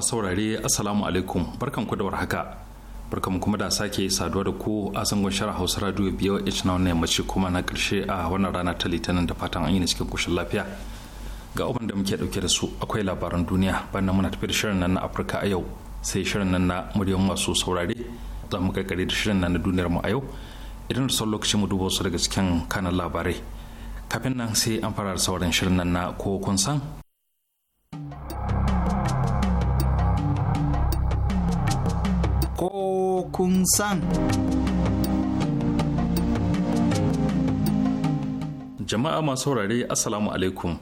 masu saurare assalamu alaikum barkan ku da warhaka barkan kuma da sake saduwa da ku a zangon shara hausa radio biyo h na wannan yammaci kuma na karshe a wannan rana ta litinin da fatan an yi cikin kushin lafiya ga abin da muke dauke da su akwai labaran duniya bayan muna tafi da shirin nan na afirka a yau sai shirin nan na muryan masu saurare za mu karkare da shirin nan na duniyar mu a yau idan da son lokaci mu duba su daga cikin kanan labarai kafin nan sai an fara da sauran shirin nan na ko kun san kun san. Jama'a masu saurare Assalamu alaikum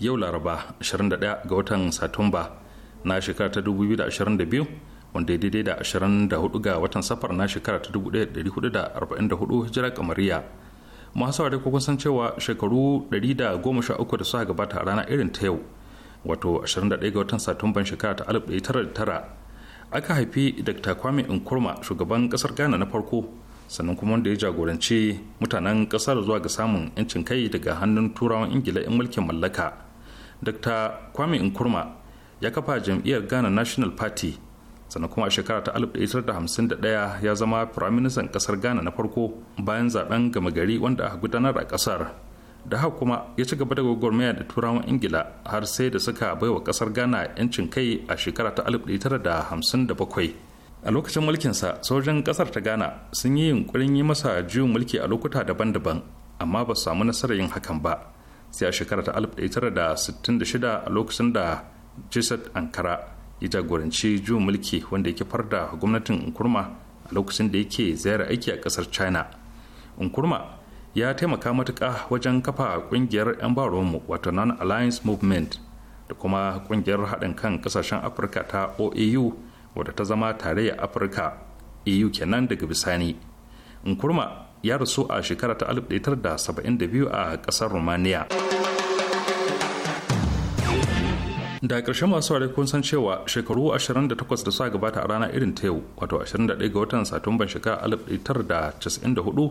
yau Laraba 21 ga watan Satumba na shekara ta 2022 wanda daidai da 24 ga watan safar na shekara ta 1444 hijira kamariya. Masu saurare kun san cewa shekaru 113 da suka gabata a rana irin ta yau wato 21 ga watan Satumban shekara ta 1909 aka haifi dr kwame nkrumah shugaban kasar ghana na farko sannan kuma wanda ya jagoranci mutanen kasar zuwa ga samun 'yancin kai daga hannun turawan ingila 'yan mulkin mallaka dr kwame nkrumah ya kafa jam'iyyar ghana national party sannan kuma a shekara ta 1951 ya zama firaministan kasar ghana na farko bayan zaben gama gari wanda aka gudanar a kasar da haka kuma ya ci gaba da gwagwarmaya da turawan ingila har sai da suka baiwa kasar ghana 'yancin kai a shekara ta 1957 a lokacin mulkinsa sojan kasar ta ghana sun yi yunkurin yi masa juyin mulki a lokuta daban-daban amma ba su samu nasarar yin hakan ba sai a shekara ta 1966 a lokacin da jisat ankara ya jagoranci juyin mulki wanda ya kifar da gwamnatin nkurma a lokacin da yake ziyara aiki a kasar china unkurma. ya taimaka matuƙa wajen kafa ƙungiyar 'yan baronmu wato non-alliance movement da kuma ƙungiyar haɗin kan ƙasashen afirka ta oau wadda ta zama tarayyar afirka eu kenan daga bisani nkurma ya rasu a shekara ta 1972 a ƙasar romania da ƙarshen masu ware kun san cewa shekaru 28 da suka gabata a rana irin ta yau wato 21 ga watan satumban shekara 1994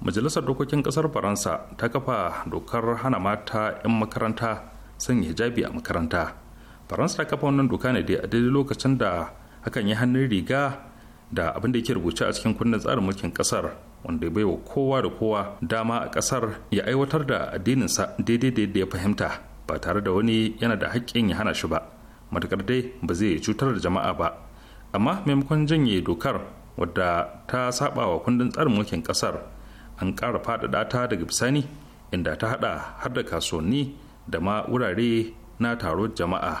majalisar dokokin kasar faransa ta kafa dokar hana mata 'yan makaranta sanya hijabi a makaranta faransa ta kafa wannan doka ne dai a daidai lokacin da hakan ya hannun riga da abin da yake rubuce a cikin kundin tsarin mulkin kasar wanda ya baiwa kowa da kowa dama a kasar ya aiwatar da addininsa daidai da ya fahimta ba tare da wani yana da haƙƙin ya hana shi ba matakar dai ba zai cutar da jama'a ba amma maimakon janye dokar wadda ta saba wa kundin tsarin mulkin kasar an ƙara faɗaɗa ta daga bisani inda ta haɗa har da kasuwanni da ma wurare na taron jama'a.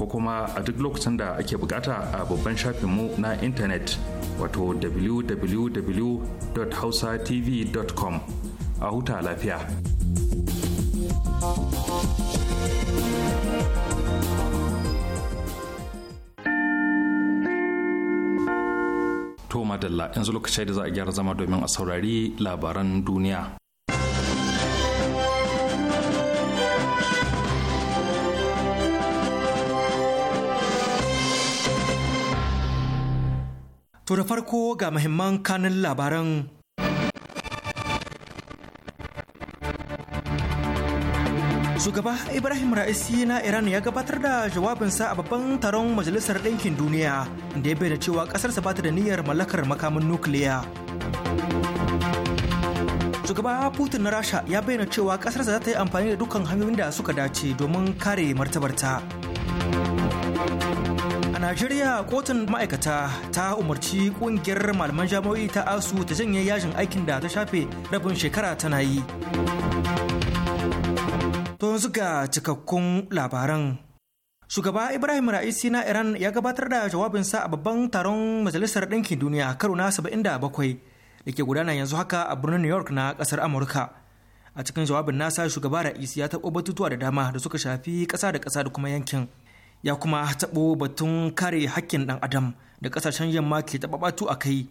ko kuma a duk lokacin da ake bukata a babban shafinmu na intanet wato www.hausatv.com a huta lafiya. To madalla yanzu lokacin da za a gyara zama domin a saurari labaran duniya. To da farko ga muhimman kanin labaran. Shugaba Ibrahim Ra'isi na Iran ya gabatar da jawabinsa a babban taron Majalisar Ɗinkin Duniya da ya bayyana cewa ƙasarsa ba ta da niyyar mallakar makamin nukiliya. Shugaba Putin na Rasha ya bayyana cewa ƙasarsa za ta yi amfani da dukkan hanyoyin da suka dace domin kare martabarta. Najeriya kotun ma'aikata ta umarci kungiyar malaman jami'o'i ta ASU ta janye yajin aikin da ta shafe rabin shekara tana yi. Don zuga cikakkun labaran. Shugaba Ibrahim Ra'isi na Iran ya gabatar da jawabinsa a babban taron Majalisar Ɗinkin Duniya karo na 77 da ke gudana yanzu haka a birnin New York na ƙasar Amurka. A cikin jawabin nasa shugaba Ra'isi ya taɓo batutuwa da dama da suka shafi ƙasa da ƙasa da kuma yankin. ya kuma taɓo batun kare hakkin ɗan adam da ƙasashen yamma ke taɓaɓatu a kai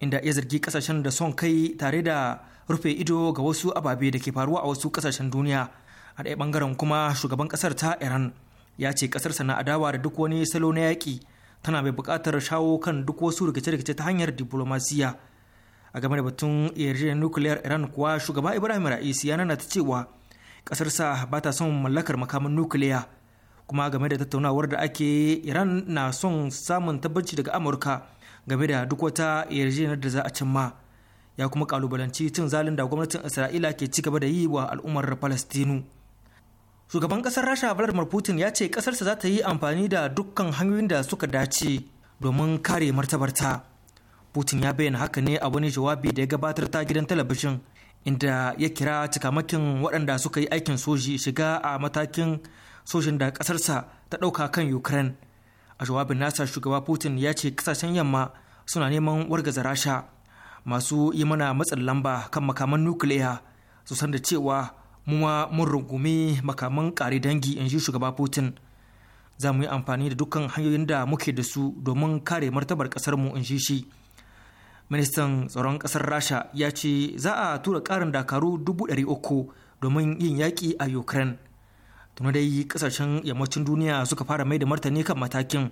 inda ya zargi ƙasashen da son kai tare da rufe ido ga wasu ababe da ke faruwa a wasu ƙasashen duniya a ɗaya ɓangaren kuma shugaban ƙasar ta iran ya ce ƙasarsa na adawa da duk wani salo na yaƙi tana mai buƙatar shawo kan duk wasu rikice-rikice ta hanyar diplomasiya a game da batun yarjejeniyar nukiliyar iran kuwa shugaba ibrahim ra'isi ya nana ta cewa ƙasarsa ba ta son mallakar makamin nukiliya kuma game da tattaunawar da ake iran na son samun tabbaci daga amurka game da duk wata yarjejeniyar da za a cimma ya kuma kalubalanci cin zalin da gwamnatin isra'ila ke ci gaba da yi wa al'ummar palestinu shugaban kasar rasha vladimir putin ya ce kasarsa za ta yi amfani da dukkan hanyoyin da suka dace domin kare martabarta putin ya bayyana haka ne a wani jawabi da ya gabatar ta gidan talabijin inda ya kira cikamakin waɗanda suka yi aikin soji shiga a matakin sojin da ƙasarsa ta ɗauka kan ukraine a jawabin nasa shugaba putin ya ce ƙasashen yamma suna neman wargaza rasha masu yi mana matsin lamba kan makaman nukiliya su san da cewa mu ma mun rungumi makaman ƙare dangi in ji shugaba putin za mu yi amfani da dukkan hanyoyin da muke da su domin kare martabar ƙasarmu in ji shi ministan tsaron ƙasar rasha ya ce za a tura ƙarin dakaru dubu ɗari uku domin yin yaƙi a ukraine tuna dai kasashen yammacin duniya suka fara mai da martani kan matakin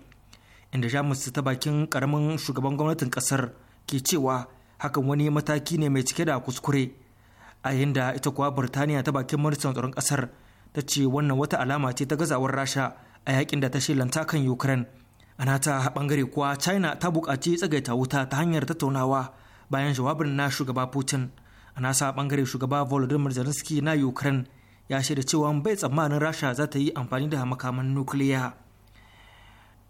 inda jamus ta bakin karamin shugaban gwamnatin kasar ke cewa hakan wani mataki ne mai cike da kuskure a yayin da ita kuwa birtaniya ta bakin ministan tsaron kasar ta ce wannan wata alama ce ta gazawar rasha a yakin da ta shilanta kan ukraine a nata bangare kuwa china ta buƙaci tsagaita wuta ta hanyar tattaunawa bayan jawabin na shugaba putin a nasa bangare shugaba volodymyr zelensky na ukraine ya shaida cewa bai tsammanin rasha za ta yi amfani da makaman nukiliya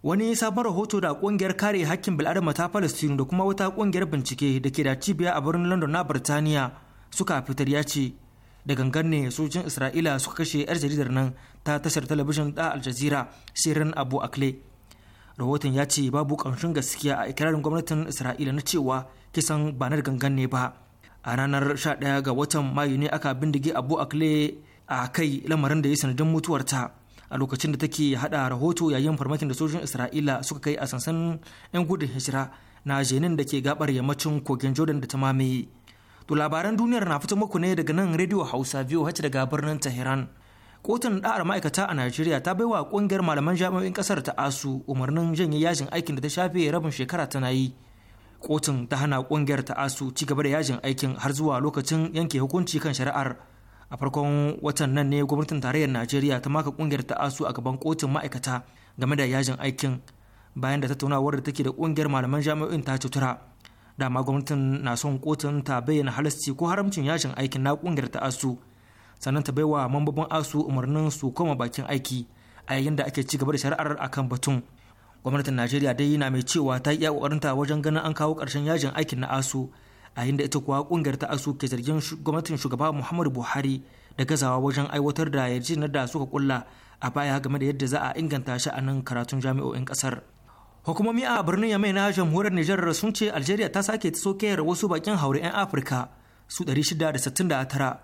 wani sabon rahoto da kungiyar kare hakkin bil'adama ta palestine da kuma wata kungiyar bincike da ke da cibiya a birnin london na birtaniya suka fitar ya ce da gangan ne sojin isra'ila suka kashe yar jaridar nan ta tashar talabijin da al jazeera shirin abu akle rahoton ya ce babu ƙamshin gaskiya a ikirarin gwamnatin isra'ila na cewa kisan ba na gangan ne ba a ranar 11 ga watan mayu ne aka bindige abu akle a kai lamarin da ya sanadin mutuwarta a lokacin da take hada rahoto yayin farmakin da sojojin isra'ila suka kai a sansanin 'yan gudun hijira na jenin da ke gabar yammacin kogin jordan da ta mamaye to labaran duniyar na fito muku ne daga nan radio hausa biyu hace daga birnin tehran kotun da'ar ma'aikata a najeriya ta baiwa kungiyar malaman jami'o'in kasar ta asu umarnin janye yajin aikin da ta shafe rabin shekara tana yi kotun ta hana kungiyar ta asu ci gaba da yajin aikin har zuwa lokacin yanke hukunci kan shari'ar a farkon watan nan ne gwamnatin tarayyar najeriya ta maka kungiyar ta asu a gaban kotun ma'aikata game da yajin aikin bayan da tattaunawar da take da kungiyar malaman jami'o'in ta cutura dama gwamnatin na son kotun ta bayyana halasci ko haramcin yajin aikin na kungiyar ta asu sannan ta baiwa mambobin asu umarnin su koma bakin aiki a yayin da ake ci gaba da shari'ar akan batun gwamnatin najeriya dai na mai cewa ta yi kokarinta wajen ganin an kawo ƙarshen yajin aikin na asu a inda ita kuwa kungiyar ta asu ke zargin gwamnatin shugaba muhammadu buhari da gazawa wajen aiwatar da yarjejeniyar da suka kulla a baya game da yadda za a inganta shi a nan karatun jami'o'in kasar hukumomi a birnin yamai na jamhuriyar nijar sun ce algeria ta sake ta sokeyar wasu bakin haure 'yan afirka su 669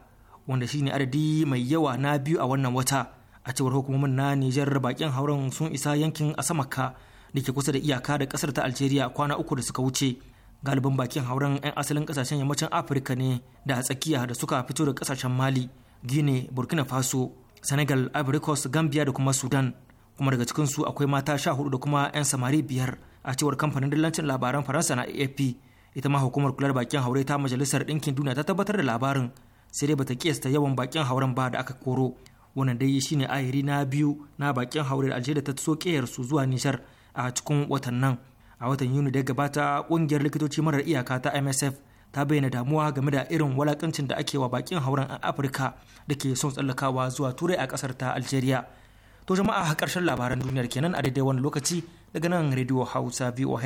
wanda shine adadi mai yawa na biyu a wannan wata a cewar hukumomin na nijar bakin hauren sun isa yankin asamaka da ke kusa da iyaka da kasar ta algeria kwana uku da suka wuce galibin bakin hauren 'yan asalin kasashen yammacin afirka ne da tsakiya da suka fito da kasashen mali gine burkina faso senegal ivory gambia da kuma sudan kuma daga cikin su akwai mata sha hudu da kuma 'yan samari biyar a cewar kamfanin dillancin labaran faransa na afp ita ma hukumar kular bakin haure ta majalisar ɗinkin duniya ta tabbatar da labarin sai dai bata kiyasta yawan bakin hauren ba da aka koro wannan dai shine ayiri na biyu na bakin haure da algeria ta so su zuwa nishar a cikin watan nan a watan yuni da gabata kungiyar likitoci marar iyaka ta msf ta bayyana damuwa game da irin walakancin da ake wa bakin hauren a afirka da ke son tsallakawa zuwa turai a kasar ta algeria to jama'a karshen labaran duniyar kenan a daidai wani lokaci daga nan radio hausa voh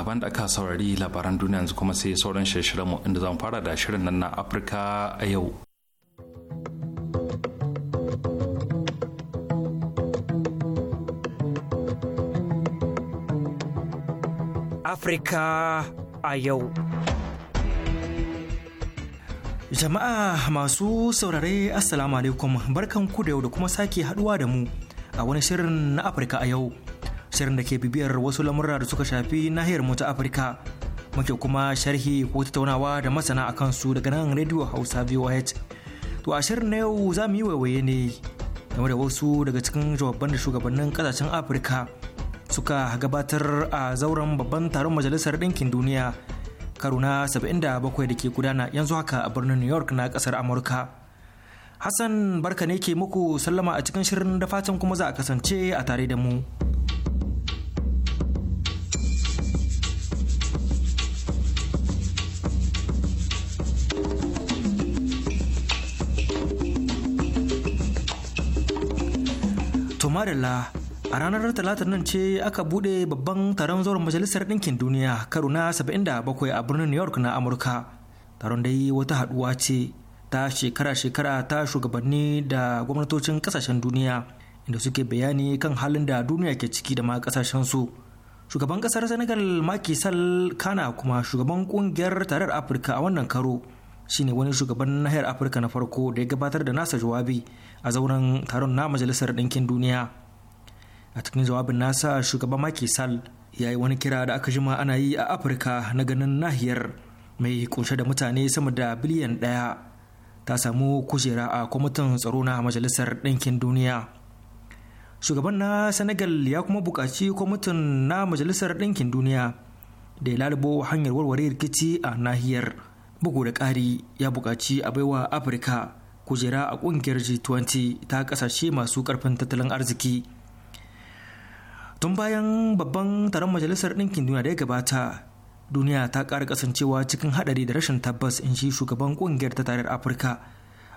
labaran da aka saurari labaran duniya yanzu kuma sai sauran shirin mu inda zan fara da shirin nan na afirka a yau afirka a yau jama'a masu saurare assalamu alaikum barkan ku da yau da kuma sake haduwa da mu a wani shirin na afirka a yau shirin da ke bibiyar wasu lamura da suka shafi nahiyar mu ta Afirka. Muke kuma sharhi ko tattaunawa da masana a kansu daga nan Radio Hausa VOH. To a shirin na yau za mu yi waiwaye ne game da wasu daga cikin jawaban da shugabannin kasashen Afirka suka gabatar a zauren babban taron majalisar ɗinkin duniya karo na 77 da ke gudana yanzu haka a birnin New York na kasar Amurka. Hassan barka ne ke muku sallama a cikin shirin da fatan kuma za a kasance a tare da mu. Marilla a ranar talatar nan ce aka bude babban taron zauren majalisar ɗinkin duniya karo na 77 a birnin New York na Amurka. Taron dai wata haɗuwa ce ta shekara-shekara ta shugabanni da gwamnatocin ƙasashen duniya inda suke bayani kan halin da duniya ke ciki da ma ƙasashen su. Shugaban ƙasar Senegal Macky Sall kana kuma shugaban ƙungiyar tarar Afirka a wannan karo. shine wani shugaban nahiyar afirka na farko da ya gabatar da nasa jawabi a zauren taron na majalisar ɗinkin duniya a cikin jawabin nasa shugaban maki sal ya yi wani kira da aka jima ana yi a afirka na ganin nahiyar mai kunshe da mutane sama da biliyan ɗaya ta samu kujera a kwamitin tsaro na majalisar ɗinkin duniya shugaban na senegal ya kuma buƙaci kwamitin na majalisar ɗinkin duniya da ya lalubo hanyar warware rikici a nahiyar bugu da ƙari ya buƙaci a baiwa afirka kujera a ƙungiyar g20 ta ƙasashe masu ƙarfin tattalin arziki tun bayan babban taron majalisar ɗinkin duniya da ya gabata duniya ta ƙara kasancewa cikin haɗari da rashin tabbas in shi shugaban ƙungiyar ta tarar afirka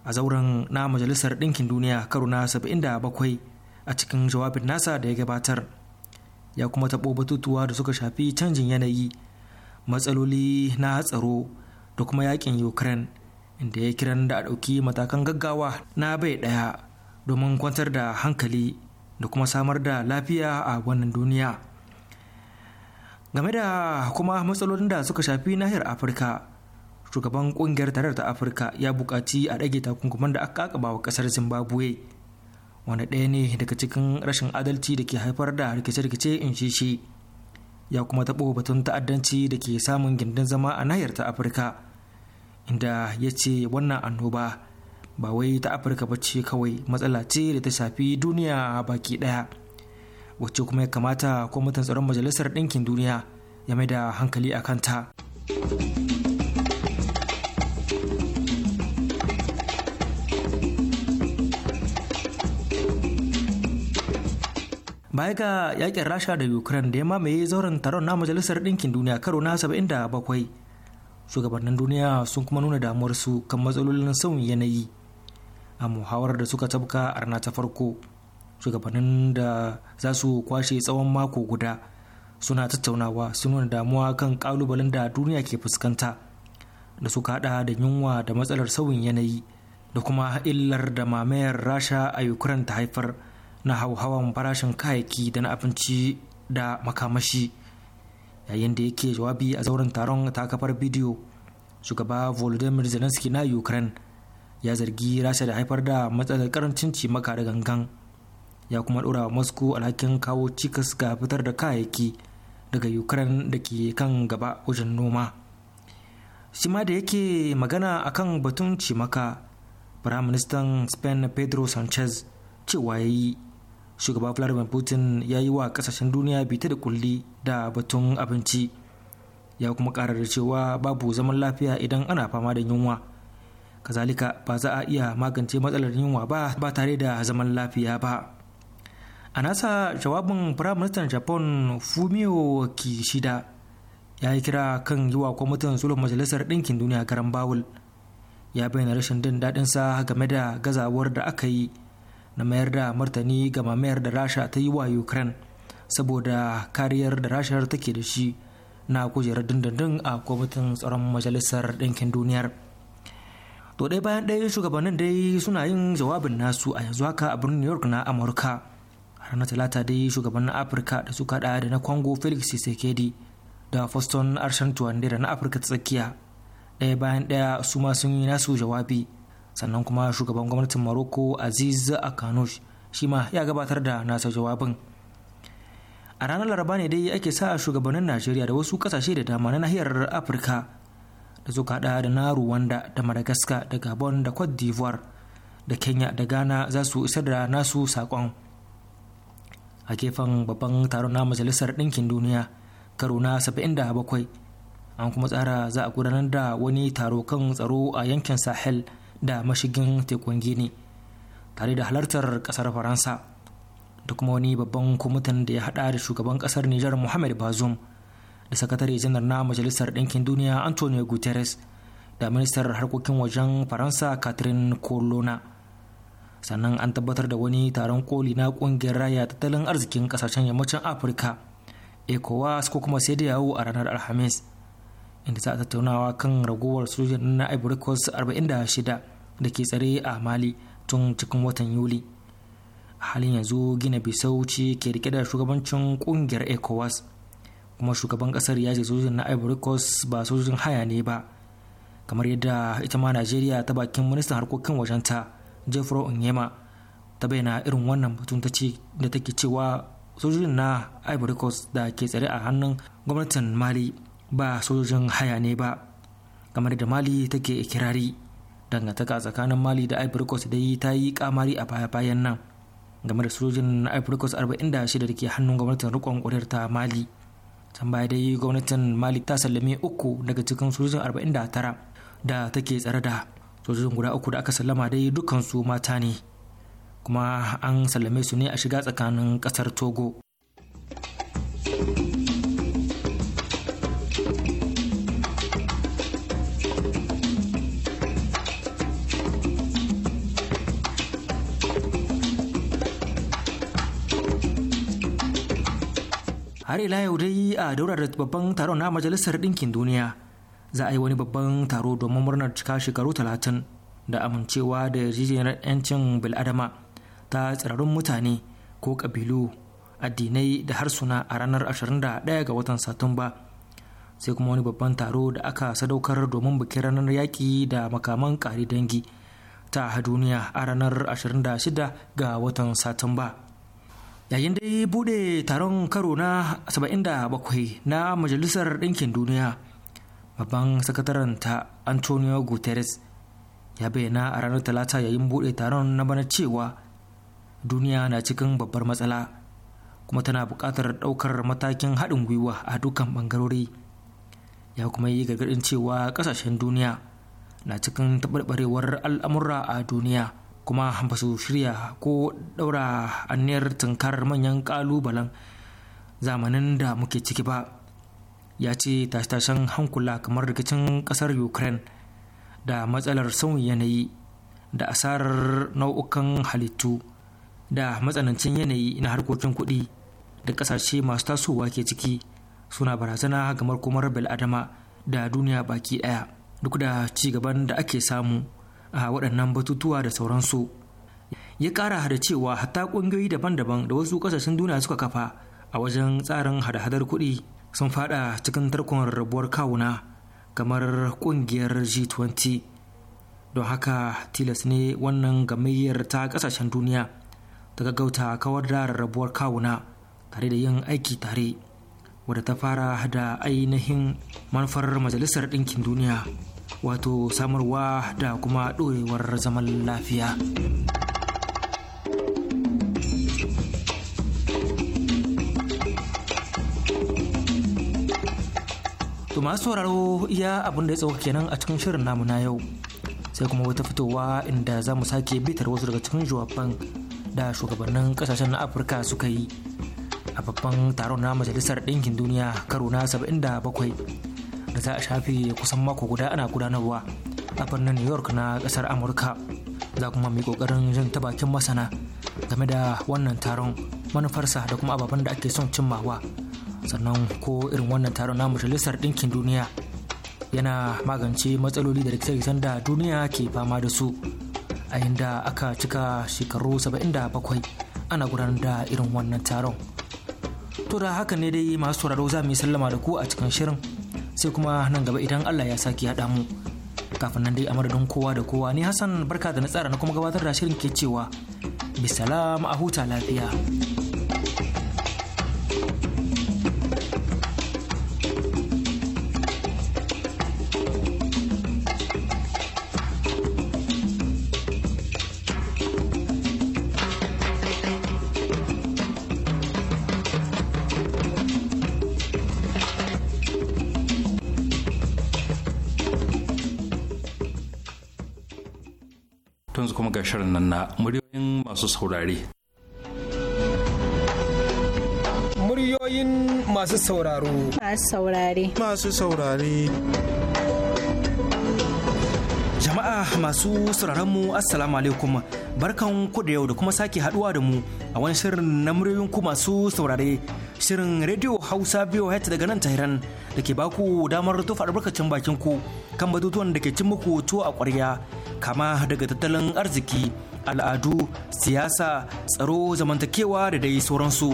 a zauren na majalisar ɗinkin duniya karo na 77 a cikin jawabin nasa da ya gabatar ya kuma taɓo batutuwa da suka shafi canjin yanayi matsaloli na tsaro da kuma yakin ukraine inda ya kiran da a ɗauki matakan gaggawa na bai ɗaya domin kwantar da hankali da kuma samar da lafiya a wannan duniya game da kuma matsalolin da suka shafi nahiyar afirka shugaban kungiyar tarar ta afirka ya bukaci a ɗage takunkuman da aka kaba wa ƙasar zimbabwe wanda ɗaya ne daga cikin rashin adalci da ke haifar da rikice-rikice in shi shi ya kuma taɓo batun ta'addanci da ke samun gindin zama a nahiyar ta afirka inda ya ce wannan annoba ba wai ta afirka ba ce kawai matsala ce da ta shafi duniya baki ɗaya wacce kuma ya kamata kwamitin tsaron majalisar ɗinkin duniya ya mai da hankali a kanta. baya ga yakin rasha da ukraine da ya mamaye zauren taron na majalisar ɗinkin duniya karo na 77 shugabannin duniya sun kuma nuna damuwar su kan matsalolin sauyin yanayi a muhawarar da suka tabka a rana ta farko shugabannin da za su kwashe tsawon mako guda suna tattaunawa sun nuna damuwa kan kalubalen da duniya ke fuskanta da suka hada da yunwa da matsalar sauyin yanayi da kuma illar da mamayar rasha a ukraine ta haifar na hauhawan farashin kayayyaki da na abinci da makamashi yayin da yake jawabi a zauren taron ta kafar bidiyo shugaba volodymyr zelensky na ukraine ya zargi rasha da haifar da matsalar karancin cimaka da gangan ya kuma dora moscow alhakin kawo cikas ga fitar da kayayyaki daga ukraine da ke kan gaba wajen noma shi ma da yake magana akan batun cimaka firaministan spain pedro sanchez cewa ya yi shugaba vladimir putin ya yi wa kasashen duniya bita da kulli da batun abinci ya kuma karar da cewa babu zaman lafiya idan ana fama da yunwa kazalika ba za a iya magance matsalar yunwa ba ba tare da zaman lafiya ba a nasa jawabin firaministan japan fumio kishida ya yi kira kan yi wa kwamitin sulhun majalisar ɗinkin duniya garan bawul ya bayyana rashin jin daɗinsa game da gazawar da aka yi na mayar da martani ga mamayar da rasha ta yi wa ukraine saboda kariyar da rashar take da shi na kujerar dindindin a kwamitin tsaron majalisar ɗinkin duniyar to ɗaya bayan ɗaya shugabannin dai suna yin jawabin nasu a yanzu haka a birnin new york na amurka ranar talata dai shugabannin afirka da suka da da na congo felix sekedi da foston arshen tuwande da na afirka tsakiya ɗaya bayan ɗaya su ma sun yi nasu jawabi sannan kuma shugaban gwamnatin maroko aziz akanush shi ma ya gabatar da nasa jawabin a ranar laraba ne dai ake sa shugabannin najeriya da wasu kasashe da dama na nahiyar afirka da suka hada da na rwanda da madagascar da gabon da cote d'ivoire da kenya da ghana za su isar da nasu sakon a gefen babban taron na majalisar ɗinkin duniya karo na bakwai an kuma tsara za a gudanar da wani taro kan tsaro a yankin sahel da mashigin tekun gini tare da halartar kasar faransa da kuma wani babban kwamitin da ya hada da shugaban kasar nijar muhammad bazoum da sakatare janar na majalisar ɗinkin duniya antonio guterres da ministar harkokin wajen faransa catherine colonna sannan an tabbatar da wani taron koli na kungiyar raya tattalin arzikin kasashen yammacin afirka ecowas ko kuma sai da yawo a ranar alhamis inda za a tattaunawa kan ragowar sojojin na ivory coast 46 da ke tsare a mali tun cikin watan yuli a halin yanzu gina bisau ce ke rike da shugabancin kungiyar ecowas kuma shugaban kasar ya ce sojojin na ivory coast ba sojojin haya ne ba kamar yadda ita ma najeriya ta bakin ministan harkokin wajen ta jeffro onyema ta bayyana irin wannan batun ta ce da take cewa sojojin na ivory coast da ke tsare a hannun gwamnatin mali ba sojojin haya ne ba kamar da mali take ikirari dangantaka tsakanin mali da ivory coast dai ta yi kamari a baya-bayan nan game da sojojin ivory coast 46 da ke hannun gwamnatin rikon ƙuryar ta mali can baya dai gwamnatin mali ta sallame uku daga cikin sojojin 49 da take tsare da sojojin guda uku da aka sallama dai dukansu mata ne kuma an sallame su ne a shiga tsakanin kasar togo har ila yau dai a daura da babban taron na majalisar ɗinkin duniya za a yi wani babban taro domin murnar cika shekaru talatin da amincewa da yarjejeniyar 'yancin bil'adama ta tsirarun mutane ko ƙabilu addinai da harsuna a ranar 21 ga watan satumba sai kuma wani babban taro da aka sadaukar domin bikin ranar yaƙi da makaman ƙari dangi ta duniya a ranar 26 ga watan satumba. yayin dai bude taron karo na 77 na majalisar ɗinkin duniya babban sakataren ta antonio guterres ya bayyana a ranar talata yayin bude taron na bana cewa duniya na cikin babbar matsala kuma tana buƙatar ɗaukar matakin haɗin gwiwa a dukkan ɓangarori ya kuma yi gargaɗin cewa ƙasashen duniya na cikin taɓarɓarewar al'amura a duniya kuma ba su shirya ko ɗaura aniyar tunkar manyan ƙalubalen zamanin da muke ciki ba ya ce tashe-tashen hankula kamar rikicin ƙasar ukraine da matsalar sauyin yanayi da asarar nau'ukan halittu da matsanancin yanayi na harkokin kuɗi da ƙasashe masu tasowa ke ciki suna barazana ga komar bil'adama da duniya baki ɗaya duk da ci gaban da ake samu a waɗannan batutuwa da sauransu ya ƙara da cewa hatta ƙungiyoyi daban-daban da wasu ƙasashen duniya suka kafa a wajen tsarin hada-hadar kuɗi sun faɗa cikin tarkon rarrabuwar kawuna kamar ƙungiyar g20 don haka tilas ne wannan gamayyar ta ƙasashen duniya ta gaggauta kawar da rarrabuwar kawuna tare da yin aiki tare wadda ta fara da ainihin manufar majalisar ɗinkin duniya wato samarwa da kuma ɗorewar zaman lafiya. To masu sauraro iya abin da ya tsawo kenan a cikin shirin namu na yau sai kuma wata fitowa inda za mu sake bitar wasu daga cikin jawaban da shugabannin kasashen na Afirka suka yi a babban taron na Majalisar Ɗinkin Duniya karo na 77 da za a shafe kusan mako guda ana gudanarwa a birnin new york na kasar amurka za kuma mai kokarin jin ta bakin masana game da wannan taron manufarsa da kuma ababen da ake son cimmawa sannan ko irin wannan taron na majalisar ɗinkin duniya yana magance matsaloli da rikice-rikicen da duniya ke fama da su a inda aka cika shekaru 77 ana gudanar da irin wannan taron to da haka ne dai masu sauraro za mu yi sallama da ku a cikin shirin sai kuma nan gaba idan Allah ya saki haɗa mu kafin nan dai a madadin kowa da kowa ni Hassan barka da na tsara na kuma gabatar da shirin ke cewa bisalam a huta lafiya. shirin nan na muryoyin masu saurari. Muryoyin masu sauraro. Masu saurare. Masu saurare. Jama'a masu sauraron mu Assalamu alaikum. Barkan ku da yau da kuma sake haduwa da mu a wani shirin na muryoyin ku masu saurare. Shirin Radio Hausa biyo het daga nan Tahiran da ke baku damar tufa albarkacin bakin ku kan batutuwan da ke cin muku tuwo a ƙwarya. kama daga tattalin arziki al'adu siyasa tsaro zamantakewa da dai sauransu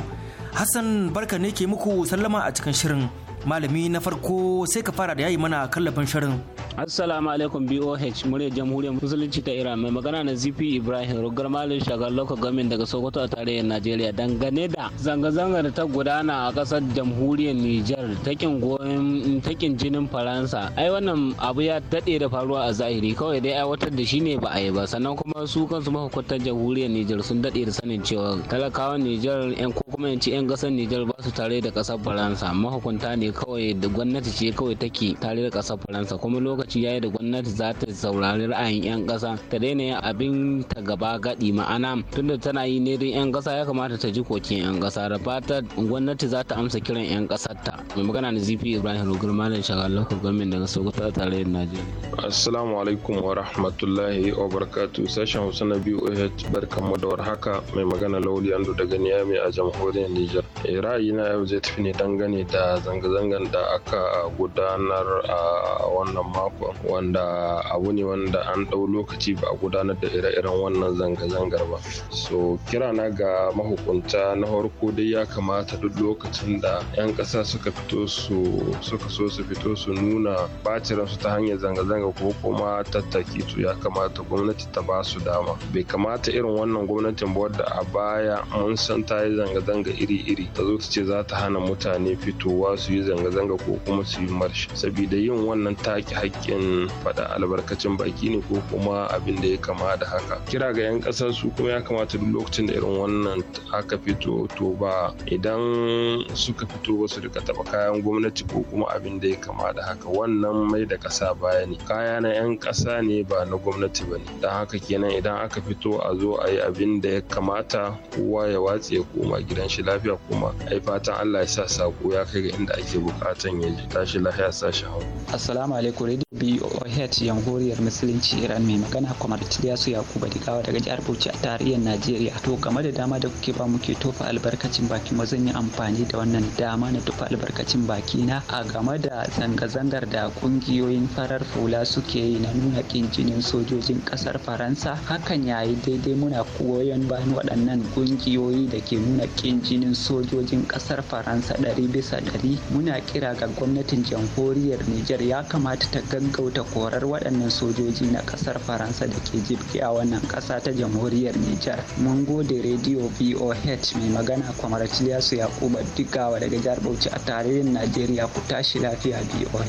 hassan barka ne ke muku sallama a cikin shirin malami na farko sai ka fara da yayi mana kallafin shirin Assalamu alaikum BOH Murya jamhuriyar musulunci ta Iran mai magana na ZP Ibrahim Rugar malin Shagar Local Government daga Sokoto a tarayyar Najeriya dangane da zanga-zangar ta gudana a kasar jamhuriyar Nijar takin goyon takin jinin Faransa ai wannan abu ya daɗe da faruwa a zahiri kawai dai aiwatar da shi ne ba a yi ba sannan kuma su kansu mahukuntar jamhuriyar Nijar sun daɗe da sanin cewa talakawan Nijar yan ko kuma yanci yan kasar Nijar ba su tare da kasar Faransa mahukunta ne kawai da gwamnati ce kawai take tare da kasar Faransa kuma lokacin lokaci yi da gwamnati za ta saurari ra'ayin 'yan kasa ta daina yin abin ta gaba gadi ma'ana tunda tana yi ne don 'yan kasa ya kamata ta ji kokin 'yan kasa da fata gwamnati za ta amsa kiran 'yan kasar ta mai magana da zifi ibrahim rogar malam shagallar gwamnati daga sokoto a tarayyar najeriya assalamu alaikum wa rahmatullahi wa barakatu sashen hausa na boh barkanmu da warhaka mai magana lauli ando daga niyami a jamhuriyar niger eh, ra'ayina yau zai tafi ne dangane da zanga-zangan da aka gudanar a wannan mako mako wanda abu ne wanda an ɗau lokaci ba a gudanar da ire-iren wannan zanga-zangar ba so kirana ga mahukunta na farko dai ya kamata duk lokacin da 'yan ƙasa suka fito su suka so su fito su nuna bacin su ta hanyar zanga-zanga ko kuma tattaki su ya kamata gwamnati ta ba su dama bai kamata irin wannan gwamnatin ba wadda a baya mun san ta yi zanga-zanga iri-iri ta zo ta ce za ta hana mutane fitowa su yi zanga-zanga ko kuma su yi marshi saboda yin wannan take haƙƙi hakkin faɗa albarkacin baki ne ko kuma abin da ya kama da haka kira ga 'yan ƙasa su kuma ya kamata duk lokacin da irin wannan aka fito to ba idan suka fito ba su rika taɓa kayan gwamnati ko kuma abin da ya kama da haka wannan mai da ƙasa baya ne kaya na 'yan ƙasa ne ba na gwamnati ba ne don haka kenan idan aka fito a zo a yi abin da ya kamata kowa ya watse ya koma gidan shi lafiya kuma ai fatan Allah ya sa sako ya kai ga inda ake bukatan ya tashi lafiya sashi hau assalamu alaikum BOH Jamhuriyar Musulunci Iran mai magana Kwamar Tiliyasu Yakuba Digawa daga jihar Bauchi a tarihin Najeriya. To game da dama da kuke ba muke tofa albarkacin baki ma zan yi amfani da wannan dama na tofa albarkacin baki na a game da zanga-zangar da ƙungiyoyin farar fula suke yi na nuna kin jinin sojojin kasar Faransa. Hakan yayi daidai muna koyon bayan waɗannan kungiyoyi da ke nuna kin jinin sojojin ƙasar Faransa ɗari bisa ɗari. Muna kira ga gwamnatin jamhuriyar Nijar ya kamata ta gaggauta korar waɗannan sojoji na ƙasar faransa da ke jibge a wannan ƙasa ta jamhuriyar nijar mun gode rediyo voh mai magana kwamar su yakuba digawa daga jihar bauchi a tarihin najeriya ku tashi lafiya voh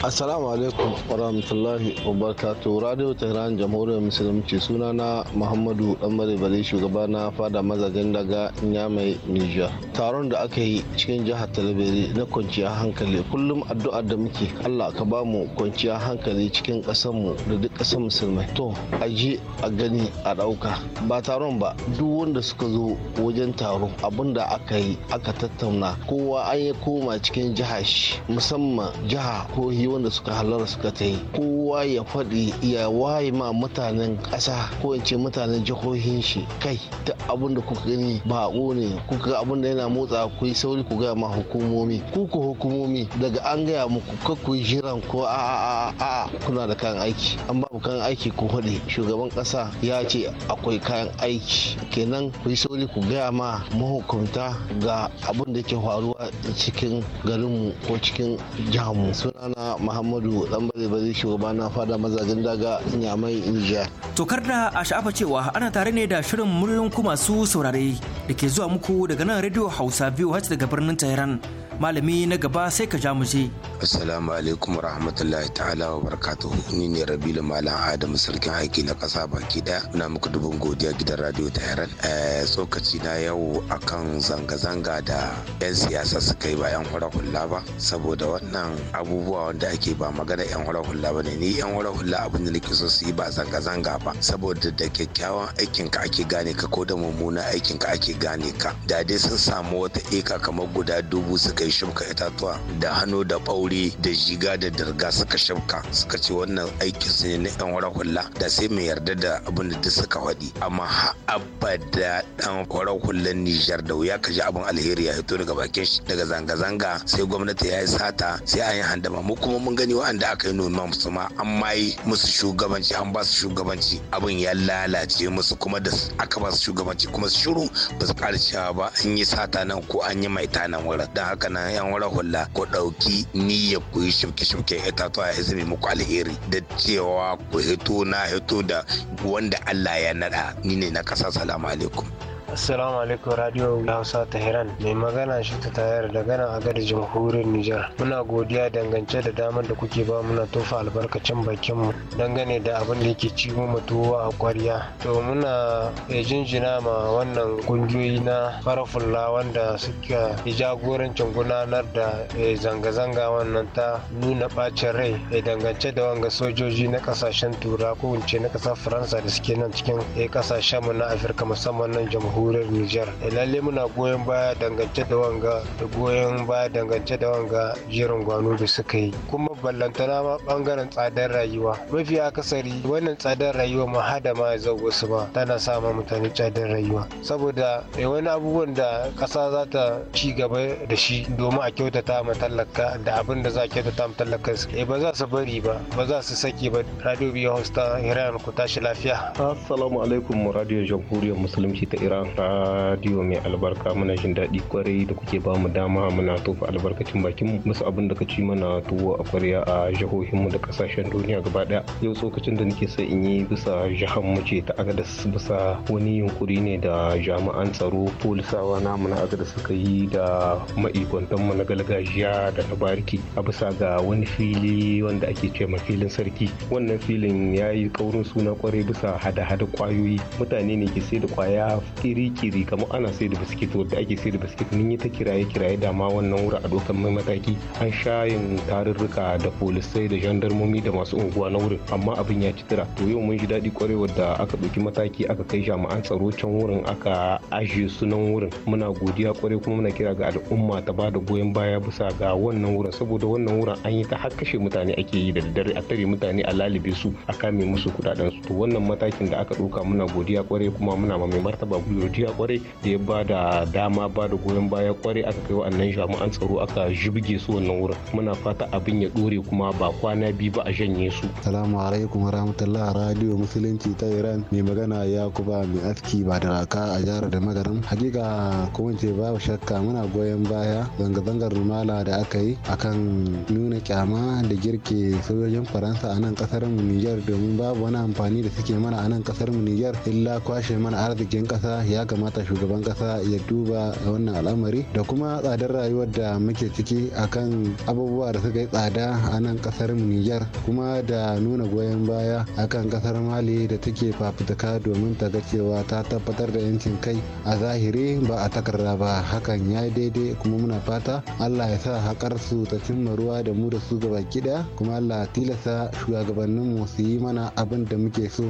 Assalamu alaikum warahmatullahi wabarakatuh Radio Tehran Jamhuriyar Musulunci suna na Muhammadu Ɗanbare Bale shugaba na fada mazajen daga Nyamai Nijar. Taron da aka yi cikin jihar Talabere na kwanciya hankali kullum addu'ar da muke Allah ka bamu kwanciya hankali cikin ƙasarmu da duk ƙasar musulmai to a je a gani a ɗauka ba taron ba duk wanda suka zo wajen taro abinda aka yi aka tattauna kowa an yi koma cikin jiha shi musamman jiha ko wanda suka halara suka ta yi kowa ya faɗi ya waye ma mutanen ƙasa ko in ce mutanen jihohin shi kai ta abin kuka gani ba ne kuka ga abin yana motsa ku yi sauri ku gaya ma hukumomi ku ku hukumomi daga an gaya muku kakku jiran ko a a kuna da kayan aiki an ba kayan aiki ku hudu shugaban kasa ya ce akwai kayan aiki kenan ku sauri ku gaya ma mahukunta ga abin da ke faruwa cikin garinmu ko cikin Suna sunana muhammadu dan bare shugaba na fada mazajen daga nyamai injiya. tokar da a sha'afa cewa ana tare ne da shirin muryoyin masu saurare da ke zuwa muku daga nan radio hausa biyu har daga birnin tehran malami na gaba sai ka ja mu je assalamu alaikum rahmatullahi ta'ala wa barakatuhu ni ne rabilu malam adamu sarkin aiki na kasa baki daya Ina muku dubin godiya gidan radio tehran eh, tsokaci na yau akan zanga-zanga da 'yan siyasa suka yi ba 'yan hura hula ba saboda wannan abubuwa wanda ake ba magana 'yan hura hula ba ne ni 'yan hura hula abin da nake so su yi ba zanga-zanga ba saboda da kyakkyawan aikin ka ake gane ka ko da mummunan aikin ka ake gane ka da dai sun samu wata eka kamar guda dubu suka suka shimka itatuwa da hannu da ɓaure da jiga da dirga suka shimka suka ce wannan aikin su ne na yan wara hula da sai mai yarda da abin da duk suka faɗi amma ha abada dan wara hulan Nijar da wuya ka ji abin alheri ya hito daga bakin shi daga zanga-zanga sai gwamnati ya yi sata sai an yi handama mu kuma mun gani wa'anda aka yi noma musu ma an ma yi musu shugabanci an ba su shugabanci abin ya lalace musu kuma da aka ba su shugabanci kuma su shiru ba su ƙarshe ba an yi sata nan ko an yi mai tanan wurin don haka na na yan wara hula ku ɗauki niyya ku yi shimke-shimke itatuwa ya zame muku alheri da cewa ku hito na hito da wanda Allah ya naɗa ni ne na kasa salamu alaikum. Assalamu alaikum Radio Hausa Tehran mai magana shi ta tayar da gana a gadar jamhuriyar Nijar. Muna godiya dangance da damar da kuke ba muna tofa albarkacin bakinmu dangane da abin da yake ci mu tuwa a kwarya. To muna eh, jinjina ma wannan kungiyoyi na farafulla wanda suka yi jagorancin gudanar da eh, zanga-zanga wannan ta nuna bacin rai eh, dangance da wanga sojoji na kasashen tura ko wuce na kasar Faransa da suke nan cikin kasashen mu na Afirka musamman nan jamhuriyar jamhuriyar Nijar. Eh, lalle muna goyon baya dangance da wanga da goyon baya dangance da wanga jirin gwano da suka yi. Kuma ballantana ma bangaren tsadar rayuwa. Mafi akasari wannan tsadar rayuwa ma hada ma zau wasu ba tana sa ma mutane tsadar rayuwa. Saboda eh, wani abubuwan da ƙasa za ta ci gaba da shi domin a kyautata ma tallaka da abin da za a kyautata ma tallaka su. Eh, ba za su bari ba ba za su saki ba radio biyu hosta Iran ku tashi lafiya. Assalamu alaikum radio jamhuriyar musulunci ta Iran radiyo mai albarka muna jin daɗi kwarai da kuke ba mu dama muna tofa albarkacin bakin mu musu abin da ka ci mana tuwo a kwarya a jihohinmu da ƙasashen duniya gaba ɗaya yau tsokacin da nake sa in yi bisa jihar mu ce ta agadas bisa wani yunkuri ne da jami'an tsaro polisawa namu na agadas suka yi da mu na gargajiya da na bariki a bisa ga wani fili wanda ake ce ma filin sarki wannan filin ya yi kaurin suna kwarai bisa hada-hada kwayoyi mutane ne ke sai da kwaya iri kiri-kiri kamar ana sai da biskit wadda ake sai da biskit mun yi ta kiraye-kiraye dama wannan wuri a dokan mai mataki an sha yin tarurruka da polisai da jandarmomi da masu unguwa na wurin amma abin ya ci tura to yau mun ji daɗi kwarewar da aka ɗauki mataki aka kai jami'an tsaro can wurin aka ajiye sunan wurin muna godiya kwarai kuma muna kira ga al'umma ta ba da goyon baya bisa ga wannan wurin saboda wannan wurin an yi ta har kashe mutane ake yi da daddare a tare mutane a lalibe su a kame musu kuɗaɗen su to wannan matakin da aka ɗauka muna godiya kwarai kuma muna ma mai martaba gudu godiya kwarai da ya ba da dama ba da goyon baya kwarai aka kai wa'annan an tsaro aka jibge su wannan wurin muna fata abin ya dore kuma ba kwana biyu ba a janye su salamu alaikum rahmatullah radio musulunci ta iran mai magana ya kuba mai aski ba da raka a jihar da magaram hakika kuma ce babu shakka muna goyon baya zanga-zangar rumala da aka yi akan nuna kyama da girke sojojin faransa a nan kasar mu niger domin babu wani amfani da suke mana a nan kasar mu niger illa kwashe mana arzikin kasa ya ya kamata shugaban kasa ya duba wannan al'amari da kuma tsadar rayuwar da muke ciki akan abubuwa da suka yi tsada a nan kasar niger kuma da nuna goyon baya akan kasar Mali da take fafutuka domin ta ga cewa ta tabbatar da yancin kai a zahiri ba a takarda ba hakan ya daidai kuma muna fata Allah ya sa haƙar su ta cimma ruwa da mu da su gaba kida kuma Allah tilasta mu su yi mana abin da muke so.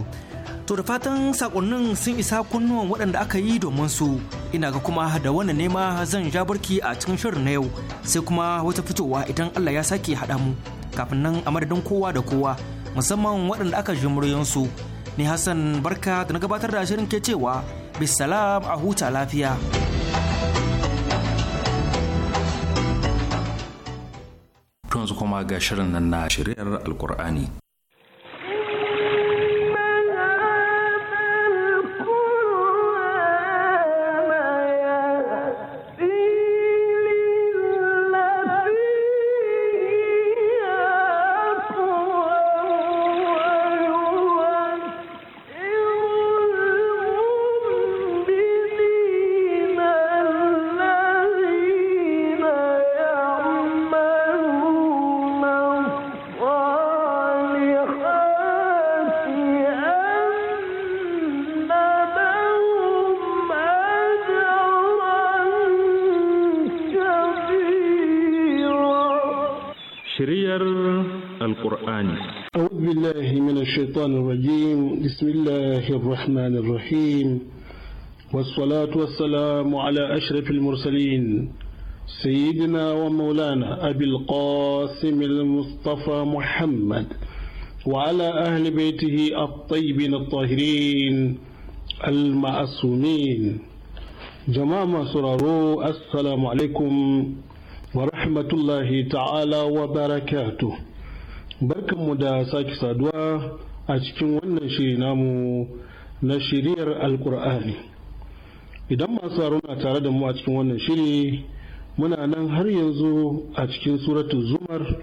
To da fatan sakonnin sun isa kunnuwan waɗanda aka aka yi domin su ina ga kuma da wannan nema zan ja barki a cikin shirin na yau sai kuma wata fitowa idan Allah ya sake haɗa mu kafin nan a madadin kowa da kowa musamman waɗanda aka ji muryansu ni Hassan barka da na gabatar da shirin ke cewa bisalam a huta lafiya. yanzu kuma ga shirin nan na shirin alkur'ani القرآن أعوذ بالله من الشيطان الرجيم بسم الله الرحمن الرحيم والصلاة والسلام على أشرف المرسلين سيدنا ومولانا أبي القاسم المصطفى محمد وعلى أهل بيته الطيبين الطاهرين المعصومين جماعة سرارو السلام عليكم ورحمة الله تعالى وبركاته barkanmu da sake saduwa a cikin wannan shiri namu na shiriyar alkur'ani idan masu na tare da mu a cikin wannan shiri muna nan har yanzu a cikin suratu zumar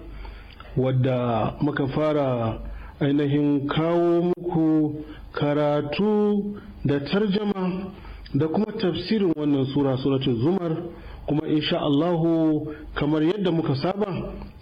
wadda muka fara ainihin kawo muku karatu da tarjama da kuma tafsirin wannan sura suratun zumar kuma insha Allahu kamar yadda muka saba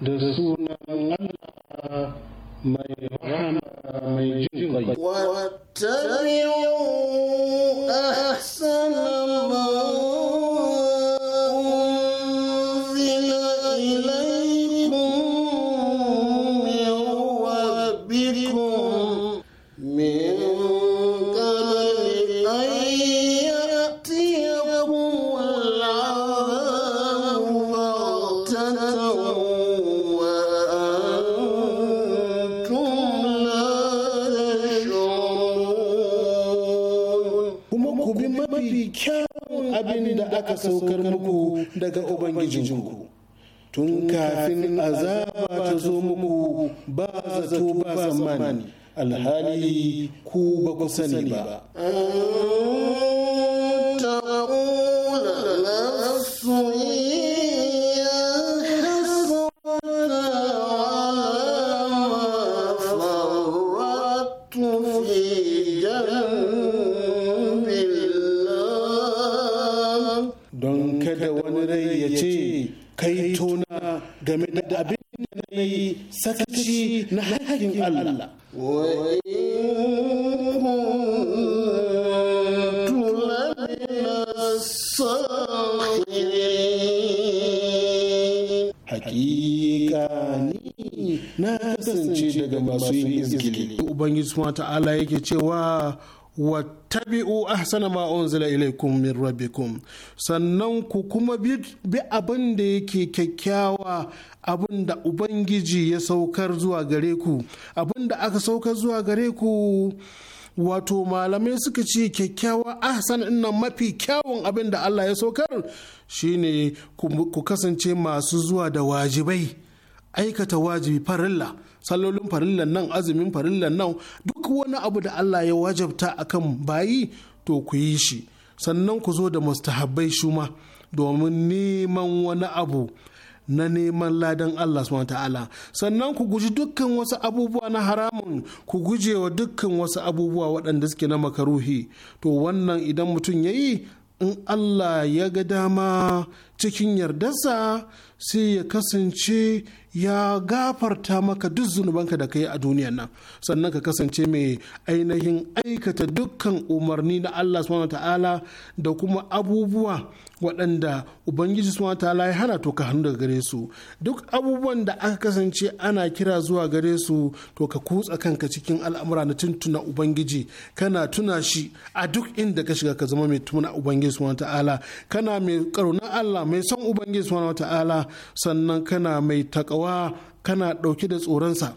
de, de subhanahu ta'ala yake cewa wa tabi'u ahsana ma unzila ilaikum min rabbikum sannan ku kuma bi abin da yake kyakkyawa abin da ubangiji ya saukar zuwa gare ku abin da aka saukar zuwa gare ku wato malamai suka ce kyakkyawa ahsan inna mafi kyawun abin da Allah ya saukar shine ku kasance masu zuwa da wajibai aikata wajibi farilla sallolin farillan nan azumin farillan nan duk wani abu da Allah ya wajabta akan bayi to ku yi shi sannan ku zo da mustahabbai shuma domin neman wani abu na neman ladan Allah subhanahu ta'ala sannan ku guji dukkan wasu abubuwa na haramun ku guje wa dukkan wasu abubuwa waɗanda suke na makaruhi to wannan idan mutum ya yi in Allah ya ga dama cikin yardarsa sai ya kasance ya gafarta maka duk zunubanka da kai a duniyan nan sannan ka kasance mai ainihin aikata dukkan umarni na Allah subhanahu ta'ala da kuma abubuwa waɗanda ubangiji subhanahu ta'ala ya hana to ka hannu daga gare su duk abubuwan da aka kasance ana kira zuwa gare su to ka kutsa kanka cikin al'amura na tuntuna ubangiji kana tuna shi a duk inda ka shiga ka zama mai tuna ubangiji subhanahu ta'ala kana mai karunan Allah mai son ubangiji subhanahu ta'ala sannan kana mai taƙa takawa kana ɗauke da tsoronsa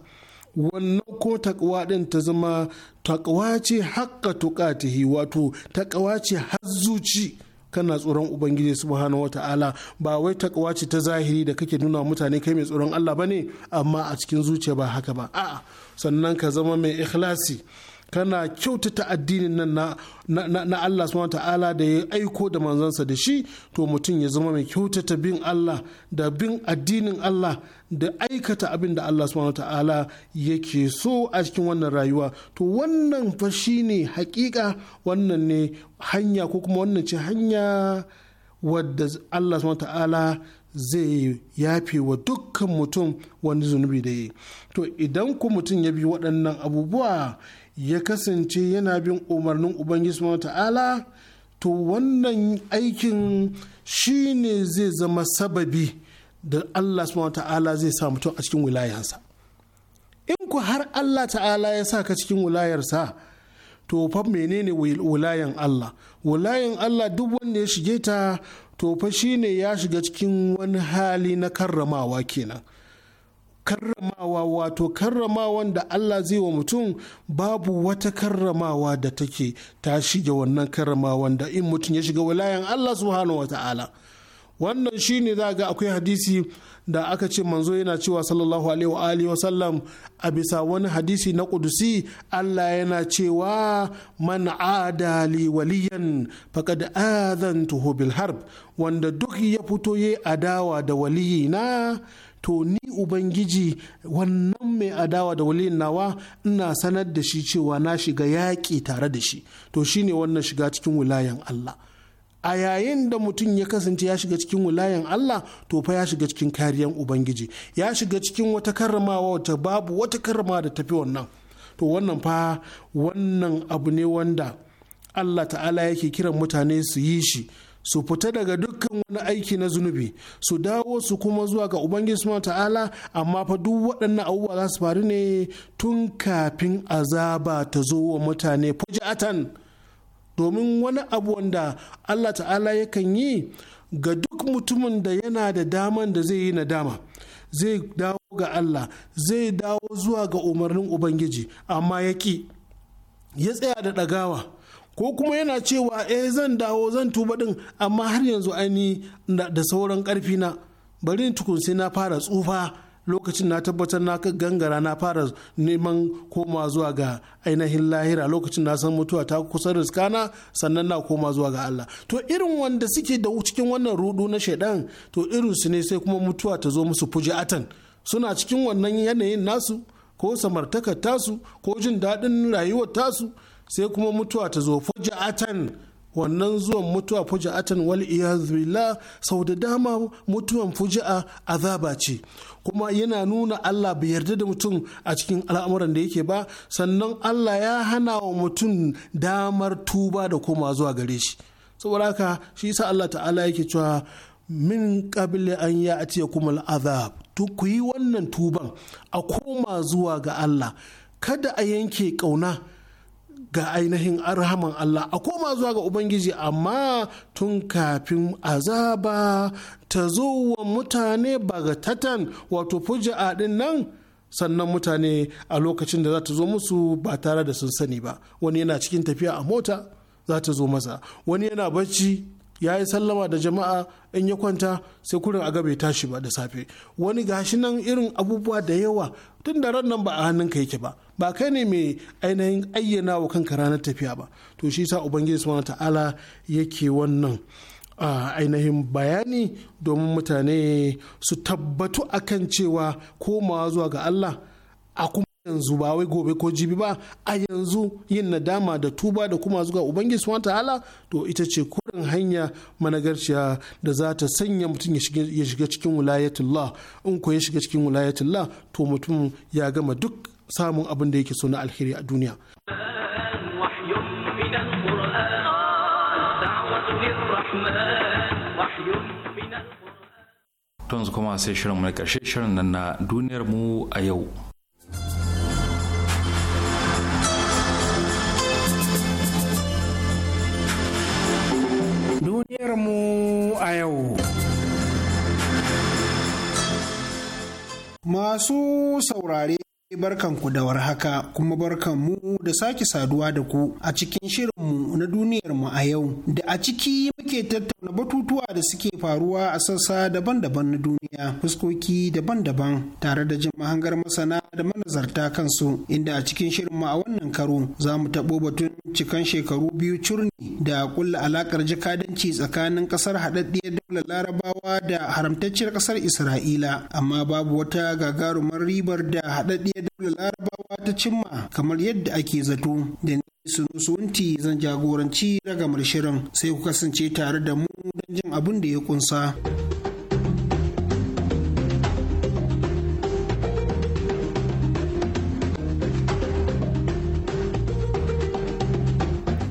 wannan ko takawa ɗin ta zama takawa ce ta tuƙatihi wato takawa ce har zuci kana tsoron ubangiji subhanahu ta'ala ba wai takawa ce ta zahiri da kake nuna mutane kai mai tsoron Allah ba ne? amma a cikin zuciya ba haka ba a'a sannan ka zama mai ikhlasi kana kyautata addinin nan na, na, na Allah subhanahu ta'ala da ya aiko da manzansa da shi to mutum ya zama mai kyautata bin Allah da bin addinin Allah da aikata abin da Allah subhanahu ta'ala yake so a cikin wannan rayuwa to wannan fa ne hakika wannan ne hanya ko kuma wannan ce hanya wadda Allah subhanahu ta'ala zai yafe wa dukkan mutum wani zunubi da yi to idan ku mutum ya bi waɗannan abubuwa ya kasance yana bin umarnin ubangiji wa ta'ala to wannan aikin shine zai zama sababi da Allah wa ta'ala zai sa mutum a cikin wilayansa in ku har Allah ta'ala ya sa ka cikin wilayarsa to fa menene wilayan Allah wilayan Allah duk wanda ya shige ta to fa shine ya shiga cikin wani hali na karramawa kenan karramawa wato karramawan da Allah zai wa mutum babu wata karramawa da take ta shige wannan karramawan da in mutum ya shiga wilayan Allah subhanahu wa ta'ala wannan shine za ga akwai hadisi da aka ce manzo yana cewa sallallahu alaihi wa sallam a bisa wani hadisi na kudusi Allah yana cewa man adali waliyan faqad adantuhu bil harb wanda duk ya fito yayi adawa da waliyina to ni ubangiji wannan mai adawa da waliyin nawa ina sanar da shi cewa na shiga yaƙi tare da shi to shine wannan shiga cikin wilayan Allah a yayin da mutum ya kasance ya shiga cikin wilayan Allah to fa ya shiga cikin kariyan ubangiji ya shiga cikin wata karramawa wata babu wata karrama da tafi wannan to wannan fa wannan abu ne wanda Allah ta'ala yake kiran mutane su yi shi su fita daga dukkan wani aiki na zunubi su dawo su kuma zuwa ga ubangiji subhanahu ta'ala amma fa duk waɗannan abubuwa za su faru ne tun kafin azaba ta zo wa mutane fujatan domin wani abu wanda Allah ta'ala yakan yi ga duk mutumin da yana da daman da zai yi nadama zai dawo ga Allah zai dawo zuwa ga umarnin ubangiji amma ki ya tsaya da ɗagawa ko kuma yana cewa eh zan dawo zan tuba din amma har yanzu aini da sauran karfi na bari tukun sai na fara tsufa lokacin na tabbatar na gangara na fara neman koma zuwa ga ainihin lahira lokacin na san mutuwa ta kusa riskana sannan na koma zuwa ga Allah to irin wanda suke da cikin wannan rudu na shaidan to irin su ne sai kuma mutuwa ta zo musu fuji'atan suna cikin wannan yanayin nasu ko samartaka tasu ko jin daɗin rayuwar tasu sai kuma mutuwa ta zo fuja'atan wannan zuwan mutuwa fuja'atan wal billah sau da dama mutuwan fuja'a azaba ce kuma yana nuna Allah bai yarda da mutum a cikin al'amuran da yake ba sannan Allah ya hana wa mutum damar tuba da koma zuwa gare shi saboda haka shi sa Allah ta'ala yake cewa min qabli an ya'tiyakum al'azab to ku yi wannan tuban a koma zuwa ga Allah kada a yanke kauna ga ainihin arhaman Allah a koma zuwa ga Ubangiji amma tun kafin azaba ta zo wa mutane bagatatan wato fuja'a din nan sannan mutane a lokacin da za ta zo musu ba tare da sun sani ba wani yana cikin tafiya a mota za ta zo masa wani yana bacci ya yi sallama da jama'a in ya kwanta sai kurin aga bai tashi ba da safe wani gashi nan irin abubuwa da yawa tun da ran nan ba a hannunka yake ba ba kai ne mai ainihin ayyana wa kanka ranar tafiya ba to shi sa ubangiji subhanahu ta'ala yake wannan ainihin bayani domin mutane su tabbatu akan cewa komawa zuwa ga Allah a kuma yanzu ba wai gobe ko jibi ba a yanzu yin nadama da tuba da kuma zuwa ubangiji wata hala to ita ce kurin hanya managarciya da za ta sanya mutum ya shiga cikin wulayatullah in ko ya shiga cikin wulayatullah to mutum ya gama duk samun abin da yake so na alheri a duniya yanzu kuma sai shirin mai karshe shirin nan na duniyar mu a yau mu a yau. Masu saurare Barkanku da warhaka kuma barkanmu da sake saduwa da ku a cikin shirinmu na duniyarmu a yau da a ciki muke tattauna batutuwa da suke faruwa a sassa daban-daban na duniya fuskoki daban-daban tare da jin mahangar masana da manazarta kansu inda a cikin shirinmu a wannan karo za mu taɓo batun cikan shekaru biyu curni da kulla alakar jakadanci tsakanin ƙasar haɗaɗɗiyar daular larabawa da haramtacciyar ƙasar isra'ila amma babu wata gagarumar ribar da haɗaɗɗiyar da larabawa ta cimma kamar yadda ake zato da sunusunti zan jagoranci ragamar shirin sai ku kasance tare da mu don jin abin da ya kunsa.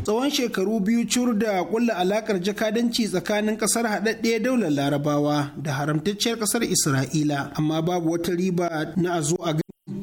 tsawon shekaru biyu cur da kulla alakar jakadanci tsakanin kasar haɗaɗɗe daular larabawa da haramtacciyar kasar isra'ila amma babu wata riba na a zo a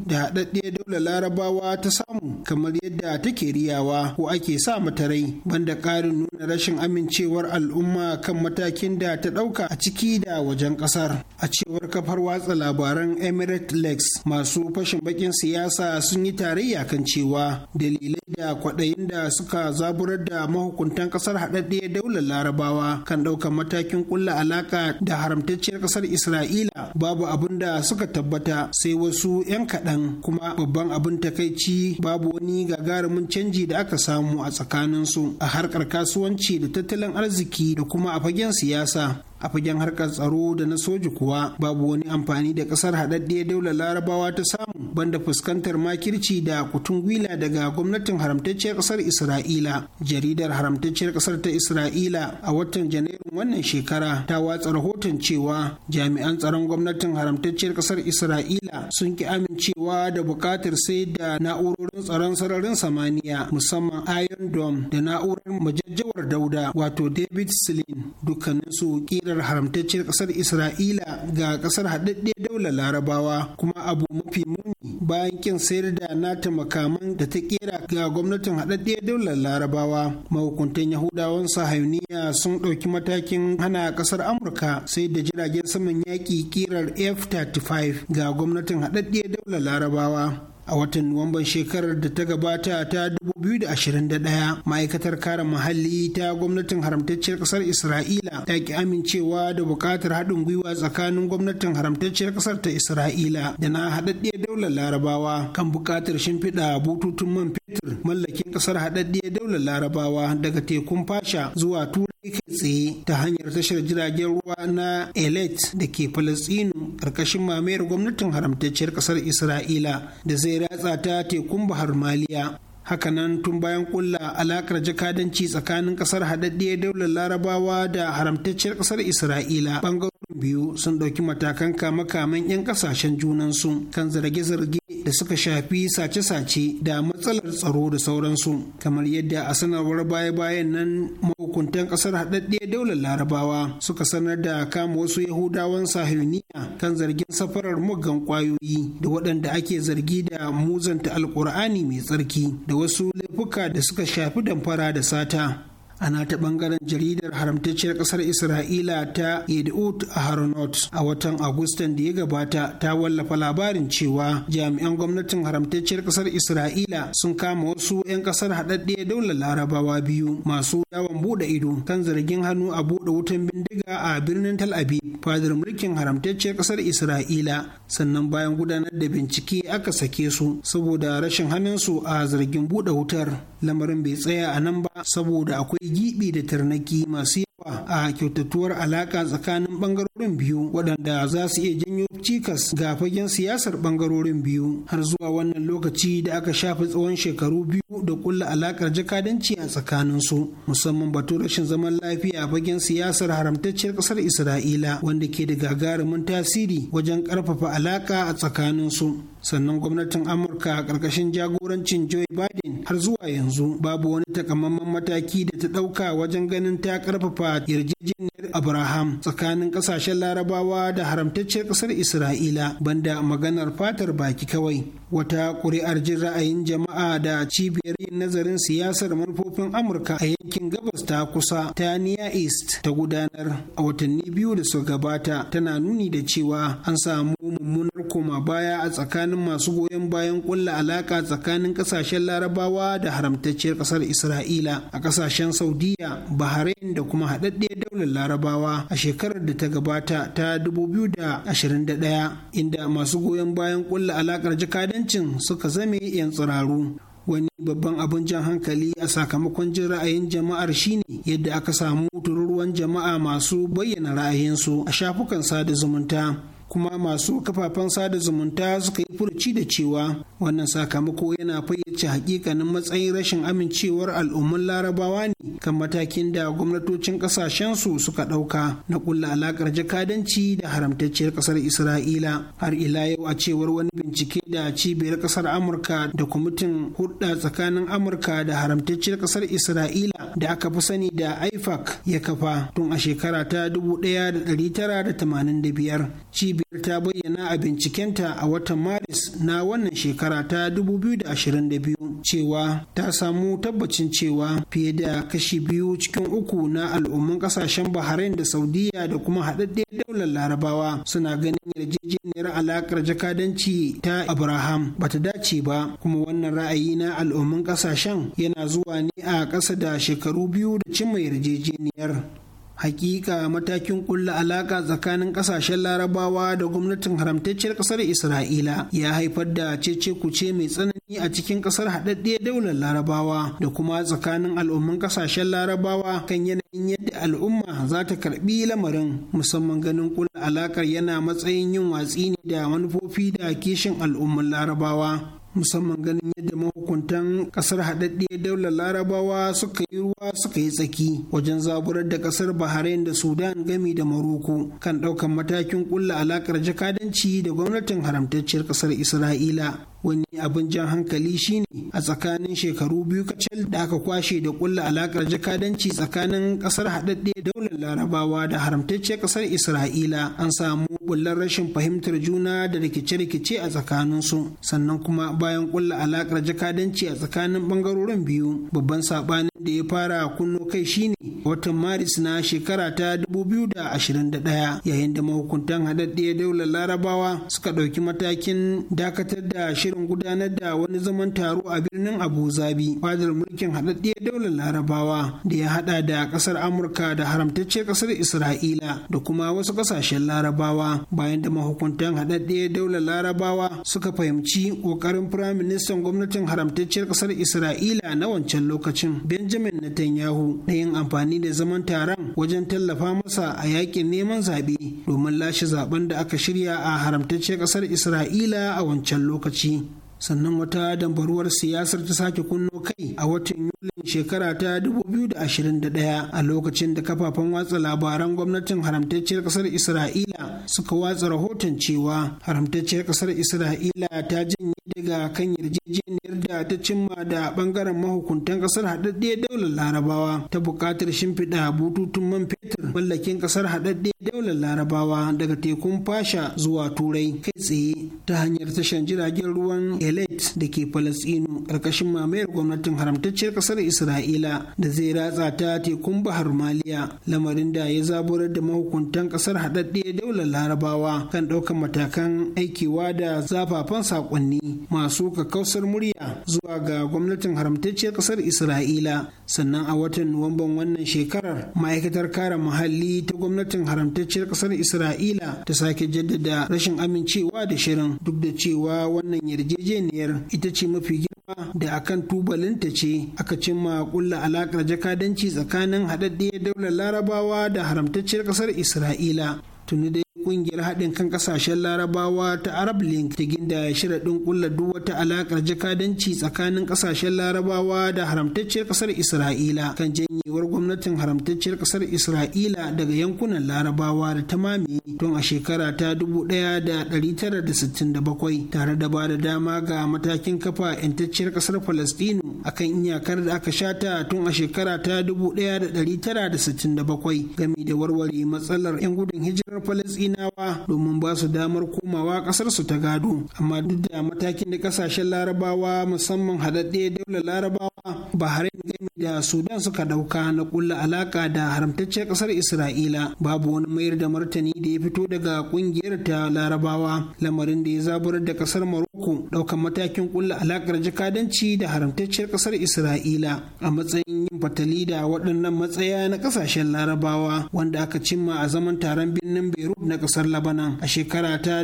da haɗaɗɗe daular larabawa ta samu kamar yadda take riyawa ko ake sa mata rai banda ƙarin nuna rashin amincewar al'umma kan matakin da ta ɗauka a ciki da wajen ƙasar a cewar kafar watsa labaran emirate lex masu fashin bakin siyasa sun yi tarayya kan cewa dalilai da kwaɗayin da suka zaburar da mahukuntan ƙasar haɗaɗɗe daular larabawa kan ɗaukar matakin ƙulla alaƙa da haramtacciyar ƙasar isra'ila babu abin da suka tabbata sai wasu yanka. kaɗan kuma babban abin takaici babu wani gagarumin canji da aka samu a tsakanin su a harkar kasuwanci da tattalin arziki da kuma a fagen siyasa a fagen harkar tsaro da na soji kuwa babu wani amfani da kasar haɗaɗɗiyar daular larabawa ta samu banda fuskantar makirci da kutun gwila daga gwamnatin haramtacciyar kasar isra'ila jaridar haramtacciyar kasar ta isra'ila a watan janairun wannan shekara ta watsa rahoton cewa jami'an tsaron gwamnatin haramtacciyar kasar isra'ila sun ki amincewa da buƙatar sai da na'urorin tsaron sararin samaniya musamman iron dome da na'urar majajjawar dauda wato david slin dukkaninsu kira hulɗar haramtacciyar ƙasar Isra'ila ga ƙasar haɗaɗɗe daular Larabawa kuma abu mafi muni bayan kin sayar da nata makaman da ta kera ga gwamnatin haɗaɗɗe daular Larabawa. Mahukuntan Yahudawan Sahayuniya sun ɗauki matakin hana ƙasar Amurka sai da jiragen saman yaƙi kirar F-35 ga gwamnatin haɗaɗɗe daular Larabawa. a watan nuwamban shekarar da ta gabata ta 2021 ma'aikatar kare muhalli ta gwamnatin haramtacciyar ƙasar isra'ila ta ki amincewa da buƙatar haɗin gwiwa tsakanin gwamnatin haramtacciyar ƙasar ta isra'ila da na haɗaɗɗiyar daular larabawa kan buƙatar shimfiɗa bututun man fetur mallakin ƙasar haɗaɗɗiyar daular larabawa daga tekun fasha zuwa turai kai tsaye ta hanyar tashar jiragen ruwa na elet da ke falastinu ƙarƙashin mamayar gwamnatin haramtacciyar ƙasar isra'ila da zai zai ratsa ta tekun bahar maliya hakanan tun bayan kulla alakar jakadanci tsakanin kasar haɗaɗɗiyar daular larabawa da haramtacciyar kasar isra'ila bangarorin biyu sun ɗauki matakan kama-kaman 'yan ƙasashen junansu kan zarge-zarge da suka shafi sace-sace da matsalar tsaro da sauransu kamar yadda a sanarwar baya-bayan nan mahukuntan kasar haɗaɗɗiyar daular larabawa suka sanar da kama wasu yahudawan sahilniya kan zargin safarar muggan ƙwayoyi. da waɗanda ake zargi da muzanta alkur'ani mai tsarki da wasu laifuka da suka shafi damfara da sata ana ta bangaren jaridar haramtacciyar kasar isra'ila ta yedut haronot a watan agustan da ya gabata ta wallafa labarin cewa jami'an gwamnatin haramtacciyar kasar isra'ila sun kama wasu 'yan kasar haɗaɗɗe daular larabawa biyu masu yawon buɗe ido kan zargin hannu a buɗe wutan bindiga a birnin tal aviv fadar mulkin haramtacciyar kasar isra'ila sannan bayan gudanar da bincike aka sake su saboda rashin hannunsu a zargin buɗe wutar lamarin bai tsaya a nan ba saboda akwai gibi da tarnaki masu yawa a kyautatuwar alaka tsakanin bangarorin biyu waɗanda za su iya janyo cikas ga fagen siyasar bangarorin biyu har zuwa wannan lokaci da aka shafi tsawon shekaru biyu da kulla alakar jakadanci a tsakanin su musamman batu rashin zaman lafiya a fagen siyasar haramtacciyar ƙasar isra'ila wanda ke da gagarumin tasiri wajen ƙarfafa alaka a tsakanin su sannan gwamnatin amurka a ƙarƙashin jagorancin joe biden har zuwa yanzu babu wani takamaiman mataki da ta ɗauka wajen ganin ta ƙarfafa yarjejeniyar Abraham tsakanin ƙasashen larabawa da haramtacciyar ƙasar Isra'ila banda maganar fatar baki kawai wata ƙuri'ar jin ra'ayin jama'a da cibiyar yin nazarin siyasar manufofin Amurka a yankin gabas ta kusa ta Niya East ta gudanar a watanni biyu da suka gabata tana nuni da cewa an samu mummunar koma baya a tsakanin masu goyon bayan ƙulla alaƙa tsakanin ƙasashen larabawa da haramtacciyar ƙasar Isra'ila a ƙasashen Saudiya, Bahrain da kuma haɗaɗɗiyar daular larabawa a shekarar da ta gabata ta 2021 inda masu goyon bayan kulla alakar jakadancin suka zame 'yan tsiraru wani babban abin jan hankali a sakamakon jin ra'ayin jama'ar shine yadda aka samu tururuwan jama'a masu bayyana ra'ayinsu a shafukan sada zumunta kuma masu kafafen sada zumunta suka yi furuci da cewa wannan sakamako yana fayyace hakikanin matsayin rashin amincewar al'umman larabawa ne kan matakin da gwamnatocin ƙasashensu suka ɗauka na kulla alakar jakadanci da haramtacciyar ƙasar isra'ila har ila yau a cewar wani bincike da cibiyar ƙasar amurka da kwamitin hulɗa tsakanin amurka da haramtacciyar ƙasar isra'ila da aka fi sani da ifac ya kafa tun a shekara ta 1985 cibiyar cibiyar ta bayyana a bincikenta a watan maris na wannan shekara ta 2022 cewa ta samu tabbacin cewa fiye da kashi biyu cikin uku na al'umman kasashen bahrain da saudiya da kuma haɗaɗɗiyar daular larabawa suna ganin yarjejeniyar alaƙar jakadanci ta abraham bata dace ba kuma wannan ra'ayi na al'umman kasashen yana zuwa ne a ƙasa da shekaru biyu da cimma yarjejeniyar hakika matakin kulla alaka tsakanin kasashen larabawa da gwamnatin haramtacciyar kasar isra'ila ya haifar da cece kuce mai tsanani a cikin kasar haɗaɗɗe daular larabawa da kuma tsakanin al'umman kasashen larabawa kan yanayin yadda al'umma za ta karɓi lamarin musamman ganin kulla alakar yana matsayin yin watsi ne da manufofi da kishin al'umman larabawa musamman ganin yadda mahukuntan kasar haɗaɗɗiyar daular larabawa suka yi ruwa suka yi tsaki wajen zaburar da kasar bahrain da sudan gami da maroko kan ɗaukan matakin ƙulla alaƙar jakadanci da gwamnatin haramtacciyar ƙasar isra'ila wani abin jan hankali shine a tsakanin shekaru biyu kacal da aka kwashe da kulla alakar jakadanci tsakanin kasar haɗaɗɗe daular larabawa da haramtacce kasar isra'ila an samu bullar rashin fahimtar juna da rikice-rikice a tsakanin su sannan kuma bayan kulla alakar jakadanci a tsakanin bangarorin biyu babban saɓanin da ya fara kunno kai shine watan maris na shekara ta 2021 yayin da mahukuntan haɗaɗɗiyar daular larabawa suka ɗauki matakin dakatar da shirin gudanar da wani zaman taro a birnin abu zabi fadar mulkin haɗaɗɗiyar daular larabawa da ya haɗa da ƙasar amurka da haramtacciyar ƙasar isra'ila da kuma wasu ƙasashen larabawa bayan da mahukuntan haɗaɗɗiyar daular larabawa suka fahimci ƙoƙarin firaministan gwamnatin haramtacciyar ƙasar isra'ila na wancan lokacin benjamin netanyahu da yin amfani da zaman taron wajen tallafa masa a yakin neman zaɓe domin lashe zaben da aka shirya a haramtacce ƙasar isra'ila a wancan lokaci sannan wata dambaruwar siyasar ta sake kunno kai a watan yulin shekara ta 2021 a lokacin da kafafen watsa labaran gwamnatin haramtacciyar kasar isra'ila suka watsa rahoton cewa haramtacciyar kasar isra'ila ta janye daga kan yarjejeniyar da ta cimma da bangaren mahukuntan kasar hadaddiyar daular larabawa ta buƙatar shimfiɗa bututun man fetur mallakin kasar hadaddiyar daular larabawa daga tekun fasha zuwa turai kai tsaye ta hanyar tashan jiragen ruwan elet da ke falasɗinu ƙarƙashin mamayar gwamnatin haramtacciyar ƙasar isra'ila da zai ratsa ta tekun bahar maliya lamarin da ya zaburar da mahukuntan ƙasar haɗaɗɗe daular larabawa kan ɗaukar matakan aikewa da zafafan saƙonni masu kakausar murya zuwa ga gwamnatin haramtacciyar ƙasar isra'ila sannan a watan nuwamban wannan shekarar ma'aikatar kare muhalli ta gwamnatin haramtacciyar ƙasar isra'ila ta sake jaddada rashin amincewa da shirin duk da cewa wannan yarjejeniya yarjejeniyar ita ce mafi girma da akan tubalinta ce aka cimma kulla alakar jakadanci tsakanin haɗaɗɗiyar daular larabawa da haramtacciyar ƙasar isra'ila tuni da kungiyar haɗin kan ƙasashen larabawa ta arab link ta ginda ɗin ƙulla duk wata alaƙar jakadanci tsakanin ƙasashen larabawa da haramtacciyar ƙasar isra'ila kan janyewar gwamnatin haramtacciyar ƙasar isra'ila daga yankunan larabawa da ta mamaye tun a shekara ta 1967 tare da ba da dama ga matakin kafa 'yantacciyar ƙasar falastinu akan iyakar da aka shata tun a shekara ta 1967 game da warware matsalar 'yan gudun hijirar falastina Falasɗinawa domin ba su damar komawa ƙasarsu ta gado. Amma duk da matakin da ƙasashen Larabawa musamman haɗaɗɗe daular Larabawa Bahrain gami da Sudan suka ɗauka na ƙulla alaƙa da haramtacciyar ƙasar Isra'ila babu wani mayar da martani da ya fito daga ƙungiyar ta Larabawa lamarin da ya zaburar da ƙasar Morocco ɗaukan matakin ƙulla alaƙar jakadanci da haramtacciyar ƙasar Isra'ila a matsayin yin fatali da waɗannan matsaya na ƙasashen Larabawa wanda aka cimma a zaman taron birnin Beirut na kasar labanan a shekara ta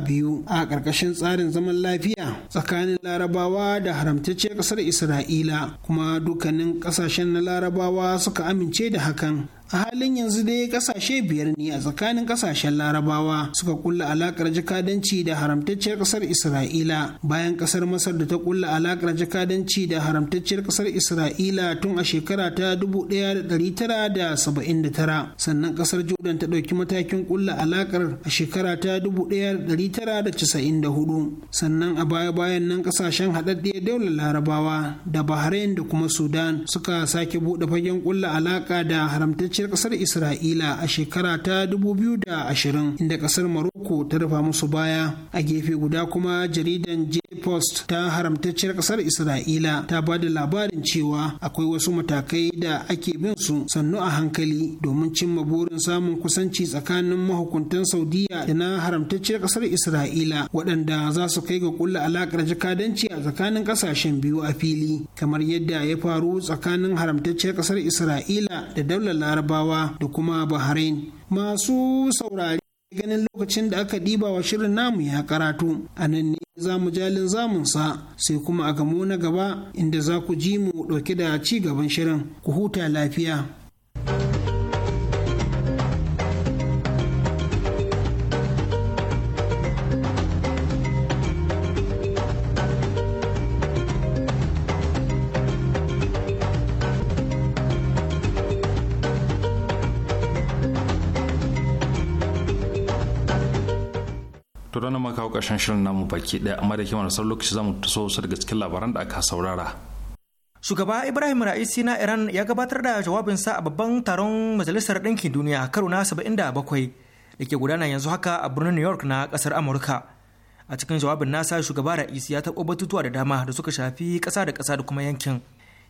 biyu a ƙarƙashin tsarin zaman lafiya tsakanin larabawa da haramtacciyar ƙasar isra'ila kuma dukkanin ƙasashen na larabawa suka amince da hakan a halin yanzu dai kasashe biyar ne a tsakanin kasashen larabawa suka kulla alakar jakadanci da haramtacciyar kasar isra'ila bayan kasar masar da ta kulla alakar jakadanci da haramtacciyar kasar isra'ila tun a shekara ta 1979 sannan kasar jordan ta ɗauki matakin kulla alakar a shekara ta 1994 sannan a baya-bayan nan kasashen haɗaɗɗiyar daular larabawa da bahrain da kuma sudan suka sake buɗe fagen kulla alaka da haramtacciyar haramtacciyar kasar isra'ila a shekara ta 2020 inda kasar maroko ta rufa musu baya a gefe guda kuma jaridan j post ta haramtacciyar kasar isra'ila ta ba da labarin cewa akwai wasu matakai da ake bin su sannu a hankali domin cimma burin samun kusanci tsakanin mahukuntan saudiya da na haramtacciyar kasar isra'ila waɗanda za su kai ga kulla alaƙar jakadanci a tsakanin ƙasashen biyu a fili kamar yadda ya faru tsakanin haramtacciyar kasar isra'ila da daular laraba. larabawa da kuma bahrain masu saurari ganin lokacin da aka diba wa shirin namu ya karatu a nan ne za mu jalin zamunsa sai kuma a gamo na gaba inda za ku ji mu dauke da ci gaban shirin ku huta lafiya kuma kawo ƙarshen shirin namu baki ɗaya amma da kimar sau lokaci zamu ta so daga cikin labaran da aka saurara. Shugaba Ibrahim Ra'isi na Iran ya gabatar da jawabinsa a babban taron Majalisar Ɗinkin Duniya karo na 77 da ke gudana yanzu haka a birnin New York na kasar Amurka. A cikin jawabin nasa shugaba Ra'isi ya taɓo batutuwa da dama da suka shafi kasa da kasa da kuma yankin.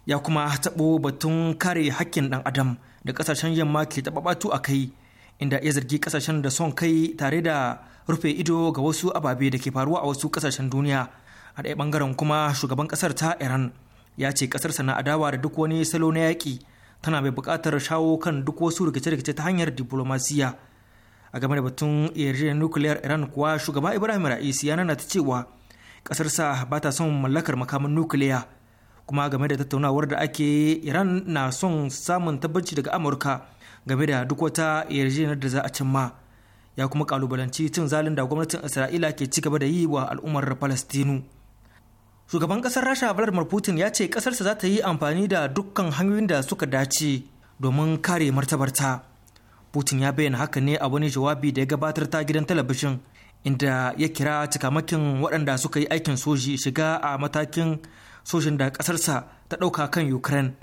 Ya kuma taɓo batun kare hakkin ɗan adam da ƙasashen yamma ke taɓa batu a kai inda ya zargi ƙasashen da son kai tare da rufe ido ga wasu ababe da ke faruwa a wasu kasashen duniya a ɗaya bangaren kuma shugaban kasar ta iran ya ce kasarsa na adawa da duk wani salo na yaƙi tana mai buƙatar shawo kan duk wasu rikice-rikice ta hanyar diplomasiya a game da batun yarjejeniyar nukiliyar iran kuwa shugaba ibrahim ra'isi ya nana ta cewa kasarsa ba ta son mallakar makamin nukiliya kuma game da tattaunawar da ake iran na son samun tabbaci daga amurka game da duk wata yarjejeniyar da za a cimma ya kuma kalubalanci cin zalin da gwamnatin isra'ila ke ci gaba da yi wa al'ummar palestinu. shugaban kasar rasha vladimir putin ya ce kasarsa za ta yi amfani da dukkan hanyoyin da suka dace domin kare martabarta putin ya bayyana haka ne a wani jawabi da ya gabatar ta gidan talabijin inda ya kira cikamakin waɗanda suka yi aikin soji shiga a matakin sojin da kasarsa ta ɗauka kan ukraine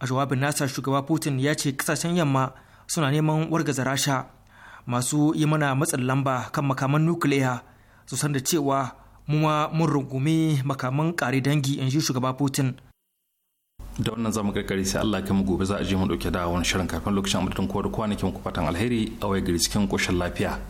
a jawabin nasa shugaba putin ya ce kasashen yamma suna neman wargaza rasha masu yi mana matsin lamba kan makaman nukiliya su san da cewa muma mun rungumi makaman kare dangi in ji shugaba putin da wannan zamu karkare sai Allah kai mu gobe za a je mu dauke da wani shirin kafin lokacin amurtun kowa da kwanakin ku fatan alheri a waya gari cikin koshin lafiya